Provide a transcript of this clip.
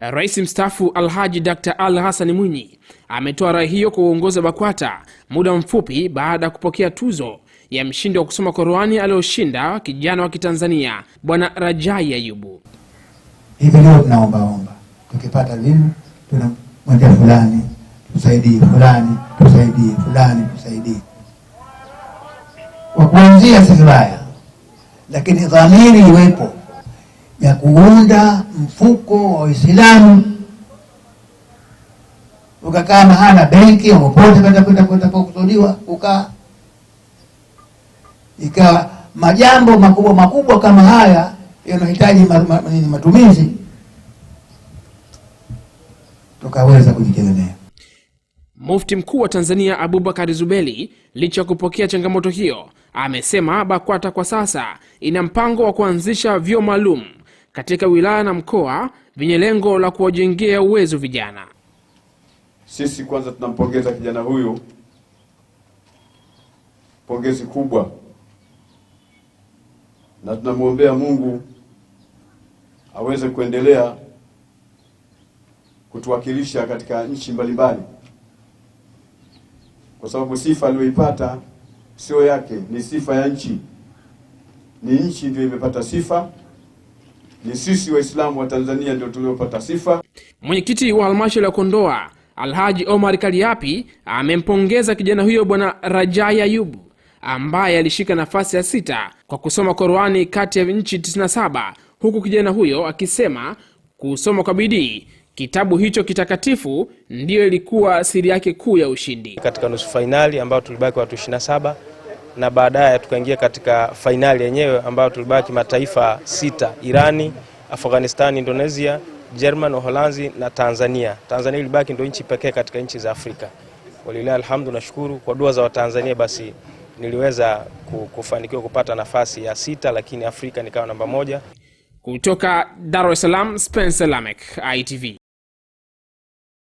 Rais mstaafu Alhaji Dr Al Hassan Mwinyi ametoa rai hiyo kwa uongozi wa BAKWATA muda mfupi baada ya kupokea tuzo ya mshindi wa kusoma Qurani aliyoshinda kijana wa Kitanzania Bwana Rajai Ayubu. Hivi leo tunaombaomba, tukipata vinu tunamwendea fulani, tusaidie fulani, tusaidie fulani, tusaidie kwa kuanzia, si vibaya, lakini dhamiri iwepo ya kuunda mfuko wa Uislamu ukakaa mahala benki popote patakusudiwa kukaa. Ikawa majambo makubwa makubwa kama haya yanahitaji matumizi, tukaweza kujitegemea. Mufti mkuu wa Tanzania abubakar zubeli licha ya kupokea changamoto hiyo, amesema BAKWATA kwa sasa ina mpango wa kuanzisha vyuo maalum katika wilaya na mkoa vyenye lengo la kuwajengea uwezo vijana. Sisi kwanza tunampongeza kijana huyu, pongezi kubwa, na tunamwombea Mungu aweze kuendelea kutuwakilisha katika nchi mbalimbali, kwa sababu sifa aliyoipata sio yake, ni sifa ya nchi, ni nchi ndio imepata sifa ni sisi Waislamu wa Tanzania ndio tuliopata sifa. Mwenyekiti wa halmashauri ya Kondoa Alhaji Omar Kaliapi amempongeza kijana huyo Bwana Rajai Ayubu ambaye alishika nafasi ya sita kwa kusoma Korani kati ya nchi 97 huku kijana huyo akisema kusoma kwa bidii kitabu hicho kitakatifu ndiyo ilikuwa siri yake kuu ya ushindi katika nusu fainali ambayo tulibaki watu 27 na baadaye tukaingia katika fainali yenyewe ambayo tulibaki mataifa sita: Irani, afghanistan Indonesia, German, Uholanzi na Tanzania. Tanzania ilibaki ndio nchi pekee katika nchi za Afrika. Walilahi alhamdu, nashukuru kwa dua za Watanzania basi niliweza kufanikiwa kupata nafasi ya sita, lakini Afrika nikawa namba moja. Kutoka Dar es Salaam, Spencer Lamek, ITV.